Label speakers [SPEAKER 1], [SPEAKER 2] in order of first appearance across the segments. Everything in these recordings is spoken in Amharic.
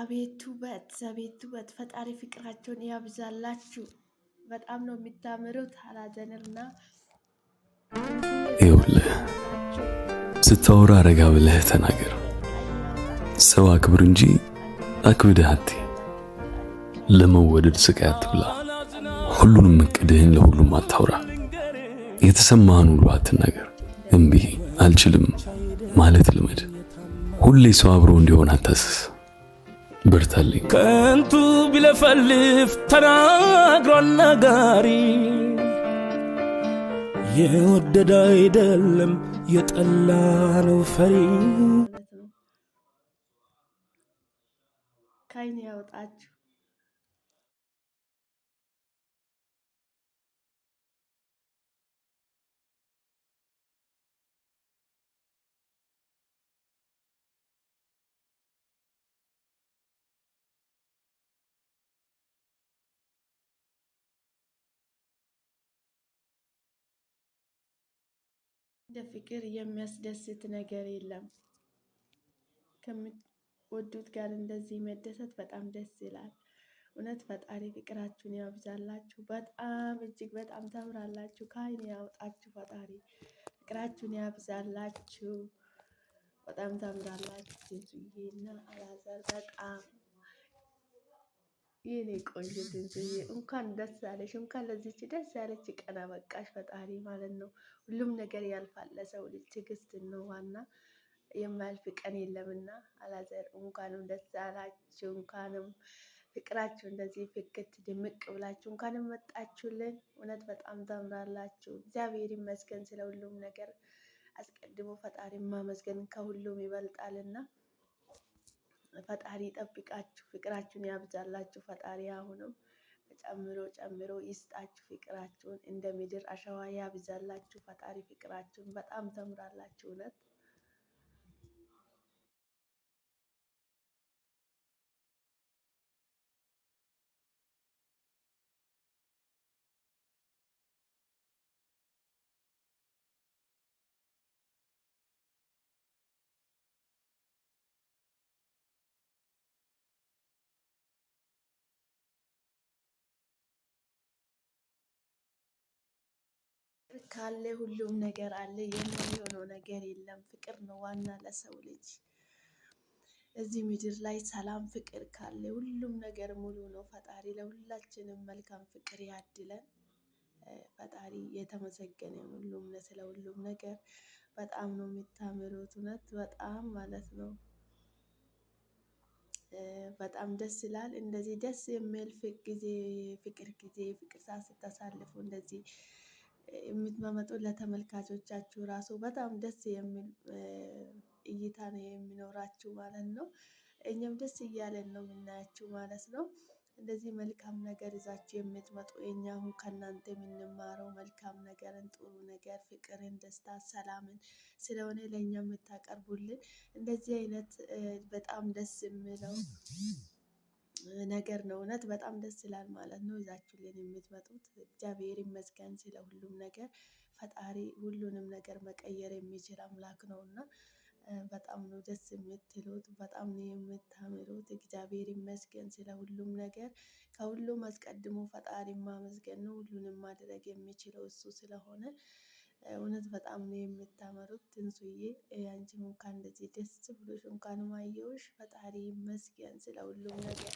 [SPEAKER 1] አቤት ውበት፣ አቤት ውበት፣ ፈጣሪ ፍቅራቸውን ያብዛላችሁ። በጣም ነው የሚታምሩት። አላዘንርና
[SPEAKER 2] ይኸውልህ፣ ስታወራ አረጋ ብለህ ተናገር። ሰው አክብር እንጂ አክብደህ አትይ። ለመወደድ ስቃይ አትብላ። ሁሉንም እቅድህን ለሁሉም አታውራ። የተሰማህን ሁሉ አትናገር። እምቢ አልችልም ማለት ልመድ። ሁሌ ሰው አብሮ እንዲሆን አታስስ። በርታልኝ።
[SPEAKER 3] ከንቱ ቢለፈልፍ ተናግሮ ነጋሪ የወደደ አይደለም የጠላ ነው ፈሪ።
[SPEAKER 4] ከአይን ያውጣችሁ። እንደ ፍቅር የሚያስደስት ነገር የለም። ከምትወዱት ጋር እንደዚህ መደሰት በጣም ደስ ይላል። እውነት ፈጣሪ ፍቅራችሁን ያብዛላችሁ። በጣም እጅግ በጣም ታምራላችሁ። ከዓይን ያውጣችሁ ፈጣሪ ፍቅራችሁን ያብዛላችሁ። በጣም ታምራላችሁ። ትንሱዬና አላዛር በጣም የኔ ቆንጆ ትንሽዬ እንኳን ደስ ያለሽ፣ እንኳን ለዚች ደስ ያለች ቀን አበቃሽ። ፈጣሪ ማለት ነው። ሁሉም ነገር ያልፋል። ለሰው ልጅ ትዕግስት ነው ዋና። የማያልፍ ቀን የለምና አላዘር እንኳንም ደስ አላችሁ። እንኳንም ፍቅራችሁ እንደዚህ ፍክት ድምቅ ብላችሁ እንኳንም መጣችሁልን። እውነት በጣም ታምራላችሁ። እግዚአብሔር ይመስገን ስለ ሁሉም ነገር። አስቀድሞ ፈጣሪ ማመስገን ከሁሉም ይበልጣልና ፈጣሪ ይጠብቃችሁ፣ ፍቅራችሁን ያብዛላችሁ። ፈጣሪ አሁንም ጨምሮ ጨምሮ ይስጣችሁ። ፍቅራችሁን እንደ ምድር አሸዋ ያብዛላችሁ። ፈጣሪ ፍቅራችሁን በጣም ተምራላችሁ እውነት ፍቅር ካለ ሁሉም ነገር አለ። የማይሆነው ነገር የለም። ፍቅር ነው ዋና ለሰው ልጅ እዚህ ምድር ላይ ሰላም፣ ፍቅር ካለ ሁሉም ነገር ሙሉ ነው። ፈጣሪ ለሁላችንም መልካም ፍቅር ያድለን። ፈጣሪ የተመሰገነ ሁሉም ስለ ሁሉም ነገር በጣም ነው የምታምሩት። እውነት በጣም ማለት ነው በጣም ደስ ይላል። እንደዚህ ደስ የሚል ጊዜ ፍቅር ጊዜ ፍቅር ስታሳልፉ እንደዚህ የምትመመጡ ለተመልካቾቻችሁ ራሱ በጣም ደስ የሚል እይታ ነው የሚኖራችሁ ማለት ነው። እኛም ደስ እያለን ነው የምናያችሁ ማለት ነው። እንደዚህ መልካም ነገር ይዛችሁ የምትመጡ እኛ አሁን ከእናንተ የምንማረው መልካም ነገርን፣ ጥሩ ነገር፣ ፍቅርን፣ ደስታ፣ ሰላምን ስለሆነ ለእኛ የምታቀርቡልን እንደዚህ አይነት በጣም ደስ የሚለው ነገር ነው። እውነት በጣም ደስ ይላል ማለት ነው። ይዛችሁልን የምትመጡት እግዚአብሔር ይመስገን ስለ ሁሉም ነገር። ፈጣሪ ሁሉንም ነገር መቀየር የሚችል አምላክ ነው እና በጣም ነው ደስ የምትሉት፣ በጣም ነው የምታምሩት። እግዚአብሔር ይመስገን ስለ ሁሉም ነገር። ከሁሉም አስቀድሞ ፈጣሪ ማመስገን ነው። ሁሉንም ማድረግ የሚችለው እሱ ስለሆነ እውነት በጣም ነው የምታምሩት። ትንሱዬ አንቺም እንኳን እንደዚህ ደስ ብሎሽ እንኳን ማየውሽ፣ ፈጣሪ ይመስገን ስለ ሁሉም ነገር።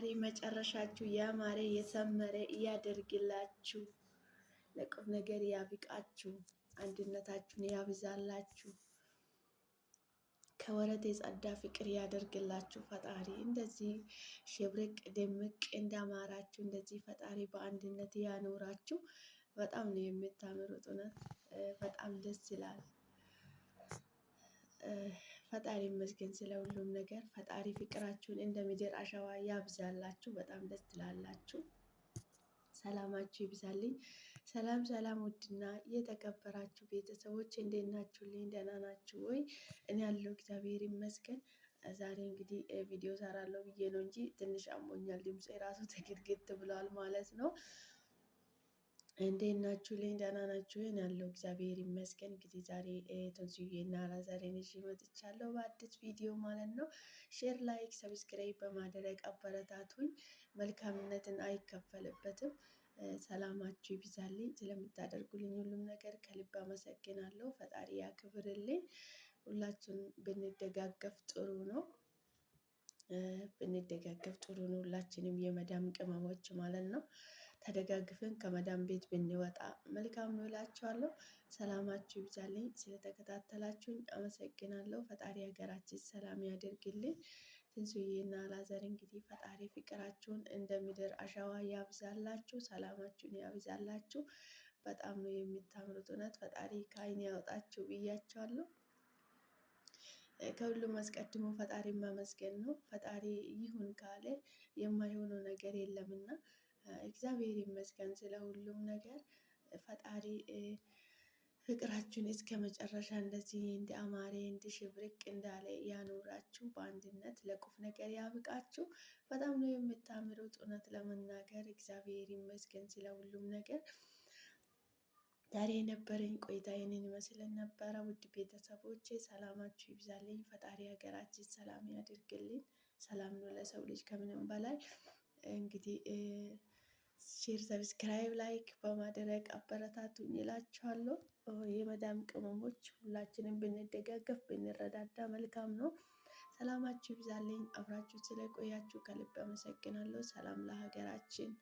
[SPEAKER 4] ፈጣሪ መጨረሻችሁ ያማረ የሰመረ እያደርግላችሁ፣ ለቁም ነገር ያብቃችሁ፣ አንድነታችሁን ያብዛላችሁ፣ ከወረት የጸዳ ፍቅር ያደርግላችሁ ፈጣሪ። እንደዚህ ሽብርቅ ድምቅ እንዳማራችሁ እንደዚህ ፈጣሪ በአንድነት ያኖራችሁ። በጣም ነው የምታምሩት። እውነት በጣም ደስ ይላል። ፈጣሪ ይመስገን ስለ ሁሉም ነገር። ፈጣሪ ፍቅራችሁን እንደ ምድር አሸዋ ያብዛላችሁ። በጣም ደስ ትላላችሁ። ሰላማችሁ ይብዛልኝ። ሰላም ሰላም፣ ውድና የተከበራችሁ ቤተሰቦች እንዴት ናችሁልኝ? ደህና ናችሁ ወይ? እኔ ያለው እግዚአብሔር ይመስገን። ዛሬ እንግዲህ ቪዲዮ ሰራለሁ ብዬ ነው እንጂ ትንሽ አሞኛል። ድምፅ የራሱ ትግርግት ብሏል ማለት ነው። እንዴት ናችሁ? ልኝ ደህና ናችሁ? ይህን ያለው እግዚአብሔር ይመስገን። እንግዲህ ዛሬ ተንሱዬና አላዛሬን ይዤ መጥቻለሁ በአዲስ ቪዲዮ ማለት ነው። ሼር፣ ላይክ፣ ሰብስክራይብ በማድረግ አበረታቱኝ። መልካምነትን አይከፈልበትም። ሰላማችሁ ይብዛልኝ። ስለምታደርጉልኝ ሁሉም ነገር ከልብ አመሰግናለሁ። ፈጣሪ ያክብርልኝ። ሁላችን ብንደጋገፍ ጥሩ ነው ብንደጋገፍ ጥሩ ነው። ሁላችንም የመዳም ቅመሞች ማለት ነው ተደጋግፈን ከመዳን ቤት ብንወጣ መልካም ነው እላችኋለሁ። ሰላማችሁ ይብዛልኝ። ስለተከታተላችሁኝ አመሰግናለሁ። ፈጣሪ ሀገራችን ሰላም ያደርግልኝ። ትንሱዬና ላዘር እንግዲህ ፈጣሪ ፍቅራችሁን እንደ ምድር አሸዋ ያብዛላችሁ፣ ሰላማችሁን ያብዛላችሁ። በጣም ነው የሚታምሩት እውነት ፈጣሪ ከአይን ያወጣችሁ ብያቸዋለሁ። ከሁሉም አስቀድሞ ፈጣሪ ማመስገን ነው። ፈጣሪ ይሁን ካለ የማይሆነው ነገር የለምና እግዚአብሔር ይመስገን ስለ ሁሉም ነገር። ፈጣሪ ፍቅራችን እስከ መጨረሻ እንደዚህ እንደ አማሬ እንደ ሽብርቅ እንዳለ ያኖራችሁ፣ በአንድነት ለቁም ነገር ያብቃችሁ። በጣም ነው የምታምሩት። እውነት ለመናገር እግዚአብሔር ይመስገን ስለ ሁሉም ነገር። ዛሬ የነበረኝ ቆይታ ይህንን ይመስል ነበረ። ውድ ቤተሰቦቼ ሰላማችሁ ይብዛልኝ። ፈጣሪ ሀገራችን ሰላም ያድርግልኝ። ሰላም ነው ለሰው ልጅ ከምንም በላይ እንግዲህ ሼር፣ ሰብስክራይብ፣ ላይክ በማድረግ አበረታቱኝ ይላችኋለሁ። የመዳም ቅመሞች ሁላችንም ብንደጋገፍ ብንረዳዳ መልካም ነው። ሰላማችሁ ይብዛልኝ። አብራችሁ ስለቆያችሁ ከልብ አመሰግናለሁ። ሰላም ለሀገራችን።